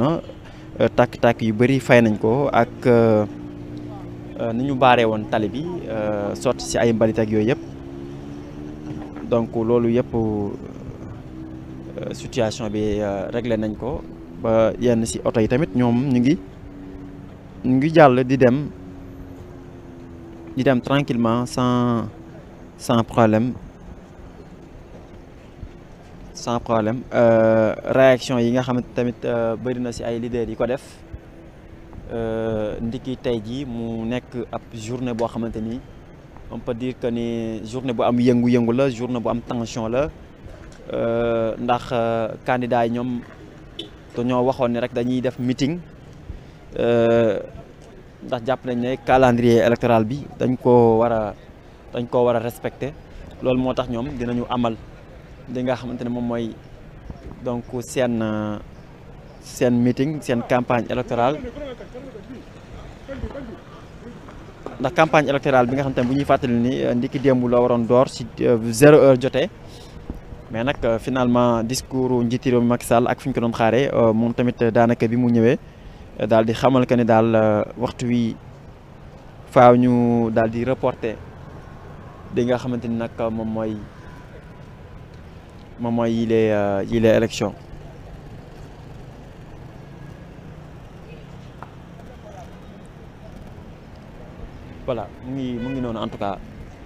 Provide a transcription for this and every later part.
na euh, tàkk-tàkk yu bëri fay nañ ko ak euh, euh, ni ñu baaree woon tali bi sotti ci ay mbalit ak yooyu yëpp donc loolu yëpp situation bi réglé nañ ko ba yenn ci oto yi tamit ñoom ñu ngi ñu ngi jàll di dem di dem tranquillement sans sans problème sans problème euh, réaction yi nga xamante tamit euh, bëri na si ay leaders yi ko def euh, ndiki tey jii mu nekk ab journée boo xamante ni on peut dire que ni journée bu am yëngu-yëngu la journée bu am tension la ndax candidats yi ñoom dañoo waxoon ne rek dañuy def meeting ndax jàpp nañ ne calendrier électoral bi dañ koo war a dañ ko war a respecter loolu moo tax ñoom dinañu amal. li nga xamante ne moom mooy donc seen euh, seen meeting seen campagne électorale ndax campagne électorale bi nga xam ne bu ñuy fàttali ni euh, ndiki démb loo waroon door si euh, zéro heure jotee mais nag finalement discours njiiti réew mi mag Sall ak fi ñu ko doon xaare moom tamit daanaka bi mu ñëwee daal di xamal que ni daal waxtu wi faw ñu daal di reporter li nga xamante ni nag moom mooy. moom mooy yilee euh, yilee élection voilà mu ngi mu ngi noonu en tout cas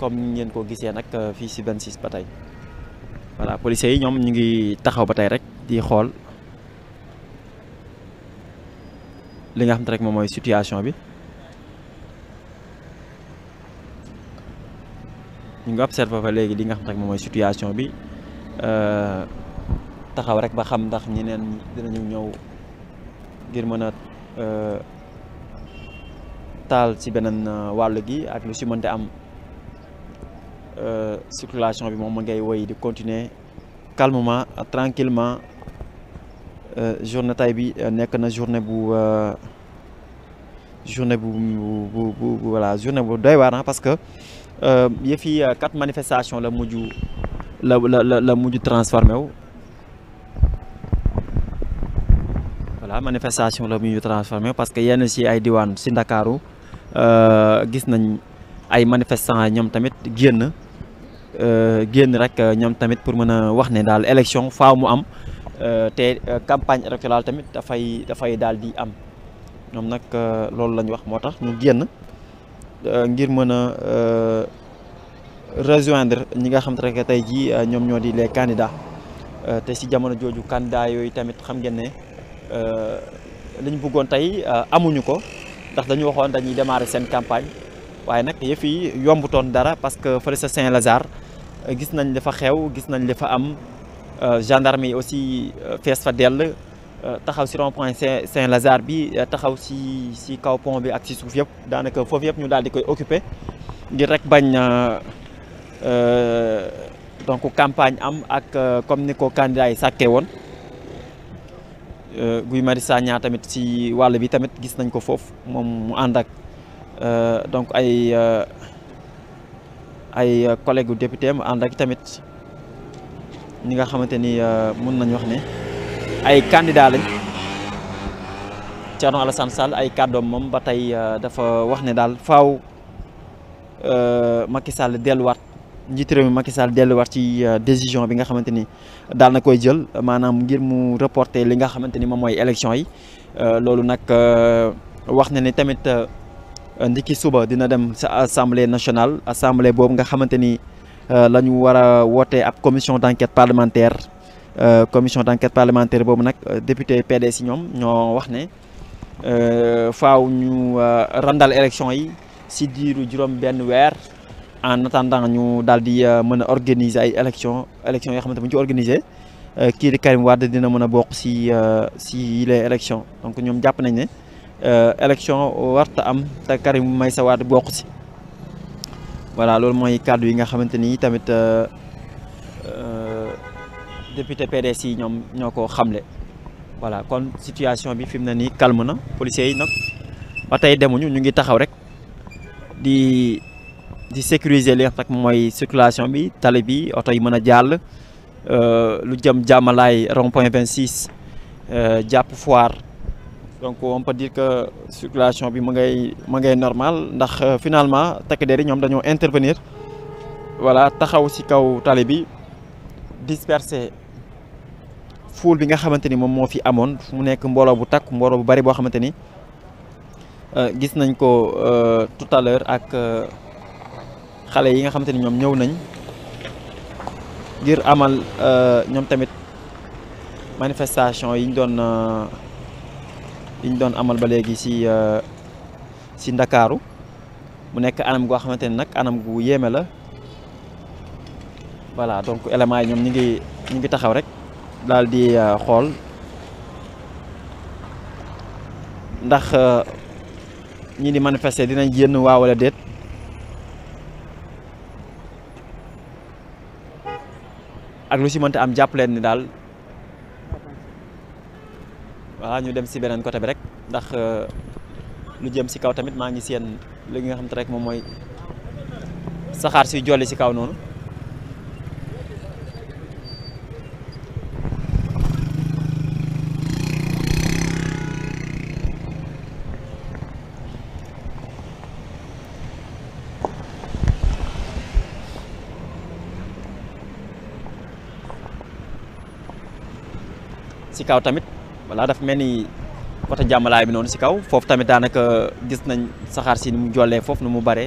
comme ngeen koo gisee nag euh, fii si 26 ba tey voilà policiers yi ñoom ñu ngi taxaw ba tey rek di xool li nga xam te rek moom mooy situation bi ñu ngi observé fa léegi li nga xam te rek moom mooy situation bi Euh, taxaw rek ba xam ndax ñi ñeneen dinañu ñëw ngir mën a euh, taal ci beneen euh, wàll gi ak lu si mënte am circulation bi moom ma ngay woy di continuer calmement tranquillement journée tay bi nekk na journée bu journée bu bu bu voilà journée bu doy waar parce que yëf yi quatre manifestation la mujj la la la mujj transformé wu voilà manifestation la mujj transformé parce que yenn si ay diwaan si Ndakaaru euh, gis nañ ay manifestants ñoom tamit génn euh, génn rek ñoom tamit pour mën a wax ne daal élection faaw mu am euh, te campagne électorale tamit dafay dafay daal di am ñoom nag loolu la ñu wax moo tax ñu génn ngir mën a. rejoindre ñi nga xam te ne tey jii euh, ñoom ñoo di les candidats euh, te si jamono jooju candidats yooyu tamit xam ngeen ne euh, li ñu bëggoon tey amuñu ko ndax dañu waxoon dañuy démarrer seen campagne waaye nag yëf yi yombutoon dara parce que fële sa Saint-Lazare gis nañ dafa xew gis nañ dafa fa am gendarmerie aussi fees fa dell taxaw si rond point Saint-Lazare bi taxaw si si kaw pont bi ak si suuf yëpp daanaka foofu yëpp ñu daal di koy occupé ngir rek bañ. Euh, donc campagne am ak euh, comme ni ko candidat yi sàkkee woon euh, Guy Marius tamit ci wàll bi tamit gis nañ ko foofu moom mu ànd ak donc ay ay collègue député mu ànd ak tamit ñi nga xamante ni mun nañu wax ne ay candidat lañ Thierno Alassane Sall ay kàddoom moom ba tey dafa wax ne daal faw Macky Sall delluwaat njiitu mu mi Macky Sall delluwaat ci euh, décision bi nga xamante ni daal na koy jël maanaam ngir mu reporter li nga xamante ni moom mooy élection yi euh, loolu nag euh, wax na ni tamit ndiki suba dina dem sa assemblée nationale assemblée boobu nga xamante ni la ñu war a wootee ab commission d' enquête parlementaire commission d' enquête parlementaire boobu nag député si ñoom ñoo wax ne faw ñu randal élection yi si diiru juróom benn weer en attendant ñu daal di euh, mën a organiser ay élections élections yoo xamante bu ñu ci organiser euh, kii di Karim Wade dina mën a bokk si euh, si les élections donc ñoom jàpp nañ ne élection warta am te Karim Meïssa Wade bokk si voilà loolu mooy kàddu yi nga xamante ni tamit député PDS yi ñoom ñoo ko xamle voilà kon situation bi fi mu ne nii calme na policiers yi nag ba tey demuñu ñu ngi taxaw rek di sécuriser li nga xam mooy circulation bi tali bi oto yi mën a jàll euh, lu jëm jàmmalaay rond point 26 euh, jàpp foire donc on peut dire que circulation bi mu ngay mu ngay normal ndax euh, finalement takk der yi ñoom dañoo intervenir voilà taxaw si kaw tali bi dispersé foule bi nga xamante ni moom moo fi amoon mu nekk mbooloo bu takk mbooloo bu bari boo xamante ni gis nañ ko tout à ak. xale yi nga xamante ni ñoom ñëw nañ ngir amal euh, ñoom tamit manifestation yi ñu doon euh, yi doon amal ba léegi si si euh, Ndakaaru mu nekk anam goo xamante ni nag anam gu yéeme la voilà donc éléments yi ñoom ñu ngi ñu ngi taxaw rek daal di xool ndax ñi di manifester dinañ génn waa wala déet. ak lu si mënta am jàpp leen ni daal voilà ñu dem si beneen côté bi rek ndax euh, lu jëm si kaw tamit maa ngi seen li nga xam te rek moom mooy saxaar si jolli si kaw noonu ci kaw tamit voilà daf mel ni côté jàmmalaay bi noonu si kaw foofu tamit daanaka gis nañ saxaar si mu jollee foofu nu mu baree.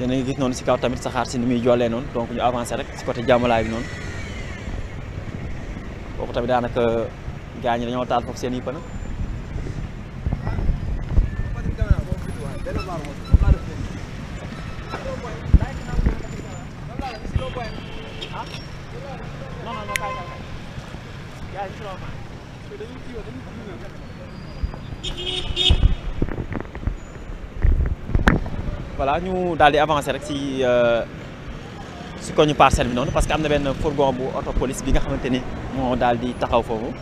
yéen gis noonu si kaw tamit saxaar si ni muy jollee noonu donc ñu avancé rek si côté jàmmalaay bi noonu foofu tamit daanaka gaa ñi dañoo taal foofu seen i voilà ñu daal di avancer rek si si euh, koñu parcelle bi noonu parce que am na benn fourgon bu auto police bi nga xamante ni moo daal di taxaw foofu.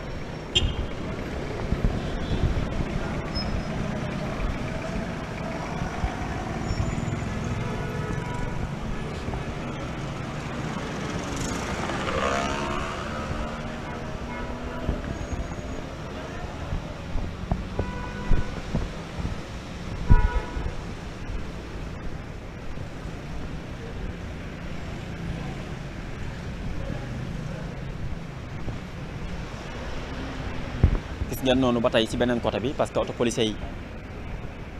gis ngeen noonu ba tey ci beneen côté bi parce que oto policier yi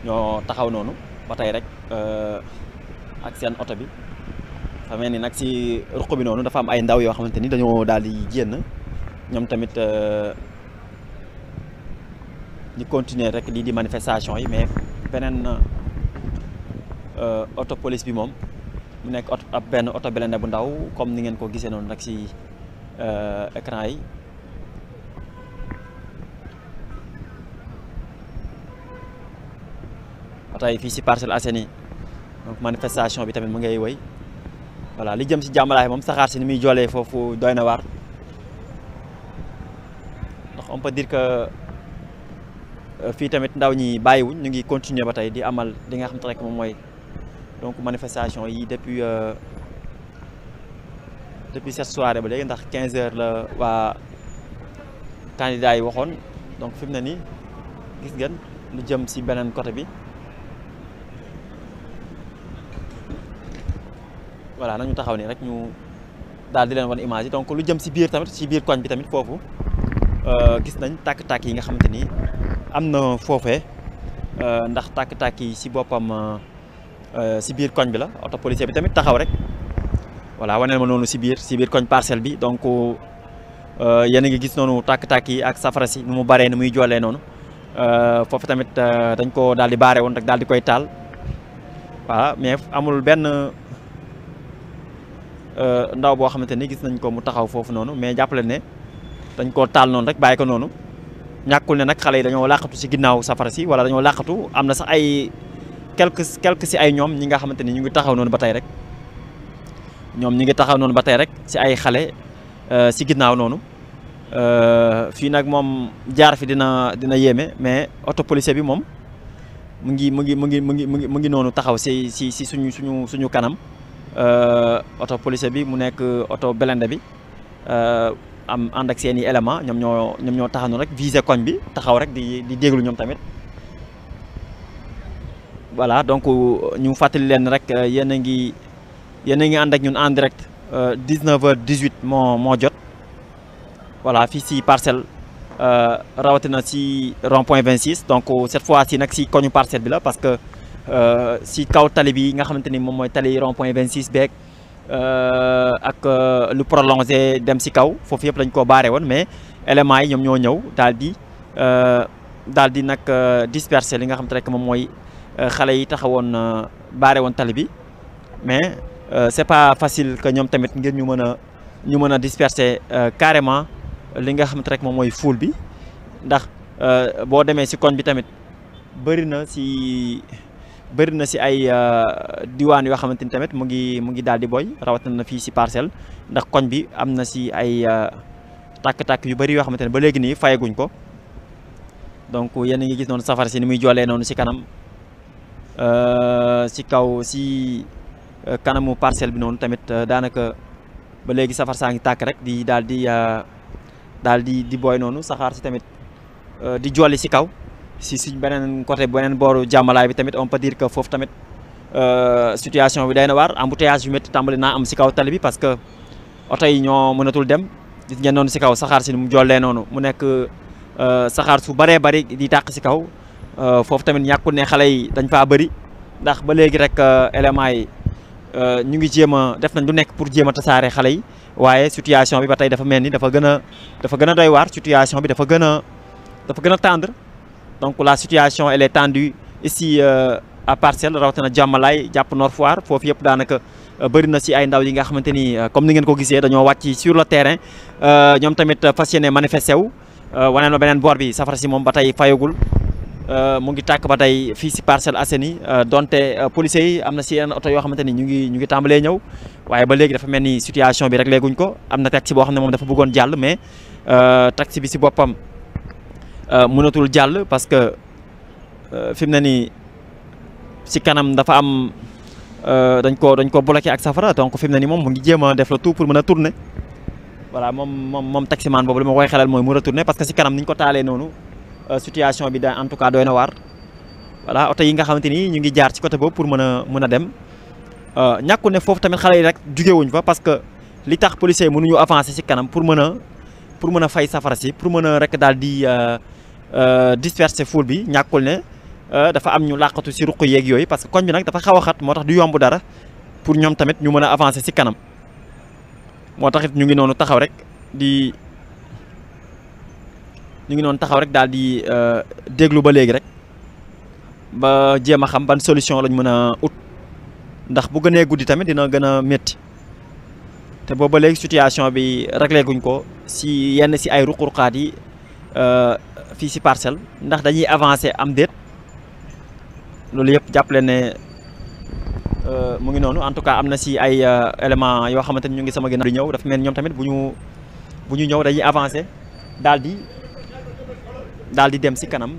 ñoo taxaw noonu ba tey rek euh, ak seen oto bi fa mel ni nag ci ruq bi noonu dafa am ay ndaw yoo xamante ni dañoo daal di génn ñoom tamit euh, ñu continuer rek lii di manifestation yi mais beneen oto euh, police bi moom mu nekk oto ab benn oto belende bu ndaw comme ni ngeen ko gisee noonu nag ci écran yi tey fii si Parcelles Assainies donc manifestation bi tamit mu ngay woy voilà li jëm si jàmmalaay moom saxaar si ni muy joolee foofu doy na waar ndax on peut dire que euh, fii tamit ndaw ñi bàyyiwuñ ñu ngi continuer ba tey di amal li nga xam te rek moom mooy donc manifestation yi depuis euh, depuis cette soirée ba léegi ndax quinze heures la waa candidat yi waxoon donc fi mu ne nii gis ngeen lu jëm si beneen côté bi voilà nañu taxaw nii rek ñu daal di leen wan image yi donc lu jëm si biir tamit si biir koñ bi tamit foofu euh, gis nañ tàkk-tàkk yi nga xamante ni am na foofee euh, ndax takk tàkk yi si boppam euh, si biir koñ bi la oto policier bi tamit taxaw rek voilà waneel ma noonu si biir si biir koñ parcelle bi donc yéen a ngi gis noonu tàkk-tàkk yi ak safara si nu mu baree ni muy joolee noonu foofu tamit dañ ko daal di baare woon rek daal di koy taal voilà mais amul benn Euh, ndaw boo xamante ni gis nañ ko mu taxaw foofu noonu mais jàppale ne dañ koo taal noonu rek bàyyi ko noonu ñàkkul ne nag xale yi dañoo làqatu si ginnaaw safara si wala dañoo làqatu am na sax ay quelques quelques si ay ñoom ñi nga xamante ni ñu ngi taxaw noonu ba tay rek ñoom ñi ngi taxaw noonu ba tey rek si ay xale euh, si ginnaaw noonu euh, fii nag moom jaar fi dina dina yéeme mais auto bi moom mu ngi mu ngi mu ngi mu ngi mu ngi noonu taxaw si si si suñu suñu suñu kanam Euh, oto policier bi mu nekk euh, oto belende bi euh, am ànd ak seen élément ñoom ñoo ñoom ñoo taxanu rek viser koñ bi taxaw rek di di déglu ñoom tamit voilà donc ñu fàttali leen rek yéen ngi yéen a ànd ak ñun en direct 19 heures 18 moo moo jot voilà fii si parcelle rawatina si rond point 26 donc cette fois ci nag si koñu parcelle bi la parce que Euh, si kaw tali bi nga xamante ni moom mooy tali rond point 26 beeg euh, ak euh, lu prolongé dem si kaw foofu yëpp lañ koo baare woon mais éléments yi ñoom ñoo ñëw daal di daal di nag dispersé li nga xamante rek moom mooy xale yi taxawoon baare woon tali bi mais c'est pas facile que ñoom tamit ngir ñu mën a ñu mën a disperser carrément li nga xamante rek moom mooy foule bi ndax boo demee si koñ bi tamit bëri na si. bëri na si ay euh, diwaan yoo xamante ni tamit mu ngi mu ngi daal di booy rawatina na fii si parcelle ndax koñ bi am na si ay euh, tàkk-tàkk yu bëri yoo xamante ne ba léegi nii fayaguñ ko donc yéen a ngi gis noonu safara si ni muy joolee noonu si kanam euh, si kaw si kanamu parcelle bi noonu tamit daanaka ba léegi safar saa ngi tàkk rek di daal di daal di di booy noonu saxaar si tamit di jolli si kaw si suñ beneen côté beneen booru jàmmalaay bi tamit on peut dire que foofu tamit euh, situation bi day na waar embouteillage yu métti tàmbali naa am si kaw tali bi parce que oto yi ñoo mënatul dem gis ngeen noonu si kaw saxaar si nu mu jollee noonu mu nekk euh, saxaar su bëree bari di tàq si kaw euh, foofu tamit ñàkkul ne xale yi dañ faa bëri ndax ba léegi rek éléments yi ñu ngi jéem a def nañ lu nekk pour jéem a tasaare xale yi waaye situation bi ba tey dafa mel ni dafa gën a dafa gën a doy waar situation bi dafa gën a dafa gën a tendre donc la situation elle est tendue ici euh, à Parcelles rawatina Jàmmalaay jàpp Nord Foire foofu yëpp daanaka euh, bëri na si ay ndaw yi nga xamante ni euh, comme ni ngeen ko gisee dañoo wàcc sur le terrain ñoom tamit fas yéene manifesté wu waneen ma beneen boor bi safara si moom ba tey fayagul mu ngi tàkk ba tey fii si Parcelles Assainies donte policiers yi am na si yenn oto yoo xamante ni ñu ngi ñu ngi tàmbalee ñëw waaye ba léegi dafa mel ni situation bi rek léeguñ ko am na taxi boo xam ne dafa bëggoon jàll mais taxi bi si boppam Euh, mënatul jàll parce que euh, fi mu ne nii si kanam dafa am euh, dañ ko dañ ko bloqué ak safara donc fi mu ne nii moom mu ngi jéem a def le tout pour mën a tourner voilà moom moom moom taximaan boobu li ma koy xelal mooy mu retourner parce que si kanam ni ñu ko taalee noonu situation en tout cas doy na waar voilà oto yi nga xamante ni ñu ngi jaar ci côté boobu pour mën a mën a dem ñàkku ne foofu tamit xale yi rek jugewuñ fa parce que li tax policiers yi mënuñu avancer si kanam pour mën a pour mën a fay safara si pour mën a rek daal di Euh, disperser foule bi ñàkkul ne euh, dafa am ñu làqatu si ruq yeeg yooyu parce que koñ bi nag dafa xaw a xat moo tax du yomb dara pour ñoom tamit ñu mën a avancer si kanam moo tax it ñu ngi noonu taxaw rek di ñu ngi noonu taxaw rek daal di euh, déglu ba léegi rek ba jéem a xam ban solution lañ mën a ut ndax bu gënee guddi tamit dina gën a métti te booba léegi situation bi réglé guñ ko si yenn si ay ruq-ruqaat yi. fii si parcelle ndax dañuy avancer am déet loolu yëpp jàppale ne euh, mu ngi noonu en tout cas am na si ay euh, éléments yoo xamante ni ñu ngi sama ginnaaw di ñëw dafa mel ñoom tamit bu ñu bu ñu ñëw dañuy avancer daal di daal di dem si kanam.